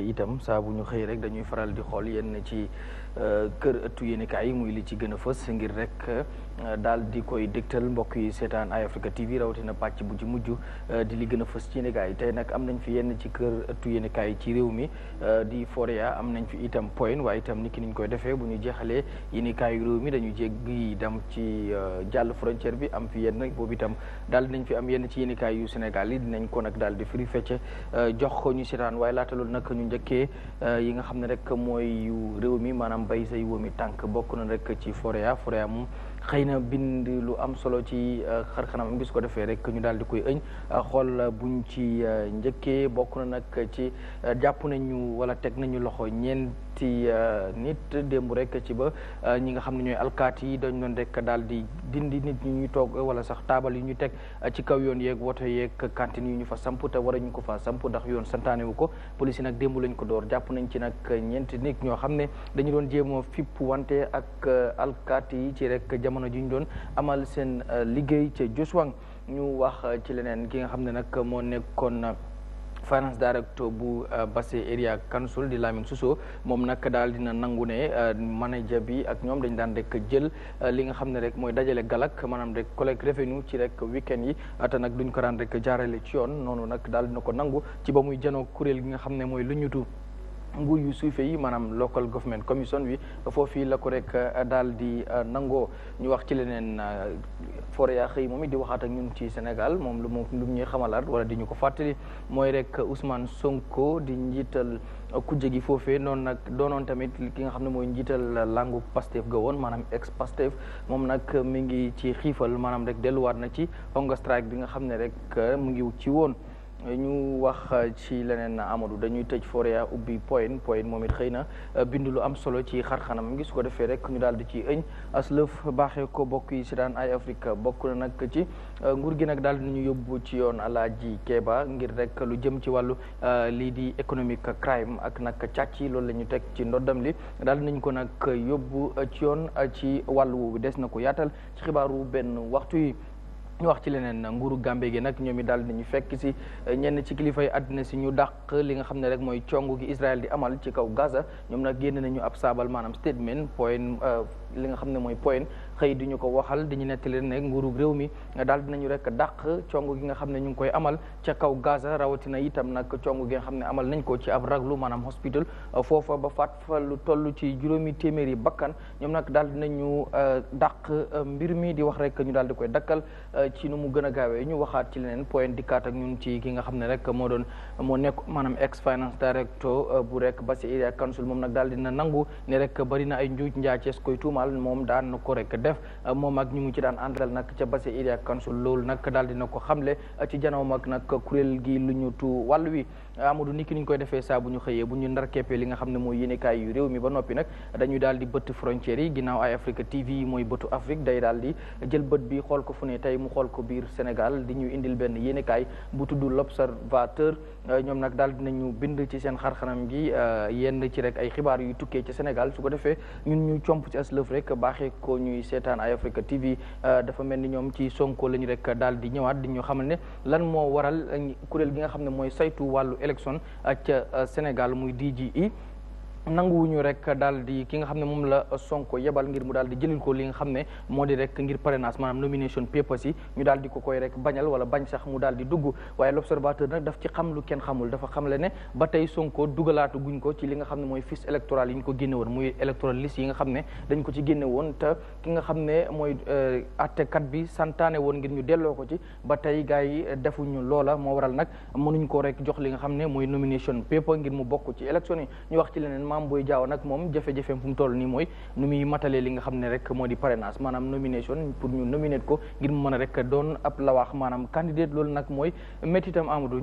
itam saa bu ñu xëy rek dañuy faral di xool yenn ci euh, kër ëttu yéenekaay yi muy li ci gën a fës ngir rek euh, daal di koy dégtal mbokk yi seetaan Eye Africa TV na pàcc bu ci mujj euh, di li gën a fës ci yi tey nag am nañ fi yenn ci kër ëttu yéenekaay yi ci réew mi di Foria am nañ fi itam Point waaye itam ni ki koy defee bu ñu jeexalee yéenekaay yu réew mi dañu jéggi dem ci jàll frontière bi am fi yenn boobu itam daal nañ fi am yenn ci yéenekaay yu Sénégal yi dinañ ko nag di firi fecce jox ko ñu seetaan waaye laata loolu nag ñu njëkkee euh, yi nga xam ne rek mooy yu réew mi maanaam bay say wóomi tànk bokk na rek ci Forea Forea moom xëy na bind lu am solo ci euh, xarxanam bi su ko defee rek ñu daal di koy ëñ euh, xool buñ ci njëkkee bokk na nag ci jàpp nañu wala teg nañu loxo ñeenti nit démb rek ci ba ñi nga xam ne ñooy alkaati yi dañ doon rek daal di dindi nit ñu ñuy toog wala sax taabal yi ñu teg ci kaw yoon yeeg woto yeeg cantine yu ñu fa samp te war ko fa samp ndax yoon santaane ko police nag démb lañ ko door jàpp nañ ci nag ñeenti nit ñoo xam ne dañu doon jéem a fipp wante ak euh, alkaati yi ci rek jamono ji ñu doon amal seen euh, liggéey ci Joswang ñu wax euh, ci leneen ki nga xam ne nag moo nekkoon. finance director bu euh, Basse Area Council di Lamine Suso moom nag daal dina nangu ne euh, manager bi ak ñoom dañ daan rek jël euh, li nga xam ne rek mooy dajale galak maanaam rek collecte revenu ci rek weekend yi ata nag duñ ko daan rek jaarale ci yoon noonu nag daal dina ko nangu ci ba muy janoo kuréel gi nga xam ne mooy lu ñutu nguur yu suufee yi maanaam local government commission bi foofii la ko rek eh, daal di eh, nangoo ñu wax ci leneen eh, fore yaa xëy moom it di waxaat ak ñun ci Sénégal moom lu mu lu ñuy xamalaat wala di ñu ko fàttali mooy rek Ousmane Sonko di njiital kujje gi foofee noonu nag doonoon tamit ki nga xam ne mooy njiital langu Pastef ga woon maanaam ex Pastef moom nag mi ngi ci xiifal maanaam rek delluwaat na ci hunger strike bi nga xam ne rek mu ngi ci woon. ñu wax euh, ci leneen Amadou dañuy tëj Foria ubbi Poyen Poyen moom it xëy na euh, bind lu am solo ci xarxanam ngi su ko defee rek ñu daal di ci ëñ aslëf baaxee ko bokk yi si daan ay Afrique bokk na nag ci euh, nguur gi nag daal di ñu yóbbu ci yoon Alaaji Keeba ngir rek lu jëm ci wàllu lii di économique crime ak nag càcc yi loolu la ñu teg ci ndoddam li daal nañ ko nag yóbbu ci yoon ci wàllu woowu des na ko yaatal ci xibaaru benn waxtu yi ñu wax ci leneen nguuru Gambie gi nag ñoom i daal nañu fekk si eh, ñenn ci kilifay àddina si ñu dàq li nga xam ne rek mooy cong gi Israël di amal ci kaw Gaza ñoom nag génn nañu ab saabal maanaam statement point euh, li nga xam ne mooy point xëy di ñu ko waxal di ñu leen ne nguurug réew mi daal dinañu rek dàq cong gi nga xam ne ñu ngi koy amal ca kaw Gaza rawatina itam nag cong gi xam ne amal nañ ko ci ab raglu maanaam hospital foofa ba faat fa lu toll ci juróomi téeméeri bakkan ñoom nag daal dinañu euh, dàq euh, mbir mi di wax rek ñu daal di koy dakkal euh, ci nu mu gën a gaawee ñu waxaat ci leneen point dikkaat ak ñun ci ki nga xam ne rek moo doon moo nekk maanaam ex finance director bu rek ba Bassirou Council moom nag daal na nangu ne rek amal moom daan na ko rek def moom ak ñu mu ci daan àndal nag ca base Iria Council loolu nag daal dina ko xamle ci janaw ak ñu tu wàll wi Amadou niki ni ñu koy defee saa bu ñu xëyee bu ñu ndar keppee li nga xam ne mooy yéenekaay yu réew mi ba noppi dañuy daal di bëtt frontières yi ginnaaw ay Africa TV mooy bëtu Afrique day daal di jël bët bi xool ko fu ne tey mu xool ko biir Sénégal di ñu indil benn yéenekaay bu tudd L'Observateur ñoom nag daal dinañu bind ci seen xarxanam gi yenn ci rek ay xibaar yu tukkee ci senegal su ko defee ñun ñu comp ci aslëf Afrique baaxee ko ñuy seetaan ay Africa TV euh, dafa mel ni ñoom ci Sonko lañu rek daal di ñëwaat di ñu xamal ne lan moo waral euh, kuréel gi nga xam ne mooy saytu wàllu élection euh, ca Sénégal muy DGE nanguwuñu rek daal di ki nga xam ne moom la Sonko yebal ngir mu daal di jëlil ko li nga xam ne moo di rek ngir parrainage maanaam nomination papers yi ñu daal di ko koy rek bañal wala bañ sax mu daal di dugg waaye l'observateur nag daf ci xam lu kenn xamul dafa xam le ne ba tey Sonko dugalaatu guñ ko ci li nga xam ne mooy fiche électorale yi ñu ko génne woon muy électoral liste yi nga xam ne dañ ko ci génne woon te ki nga xam ne mooy euh, attekat bi santaane woon ngir ñu delloo ko ci ba tey gars yi defuñu loola moo waral nag mënuñ ko rek jox li nga xam ne mooy nomination paper ngir mu bokk ci yi Mame Boye Diao nag moom jafe-jafeem fu mu toll mooy nu muy matalee li nga xam ne rek moo di parrainage maanaam nomination pour ñu nominer ko ngir mu mën a rek doon ab lawaax maanaam candidate loolu nag mooy métti itam Amadou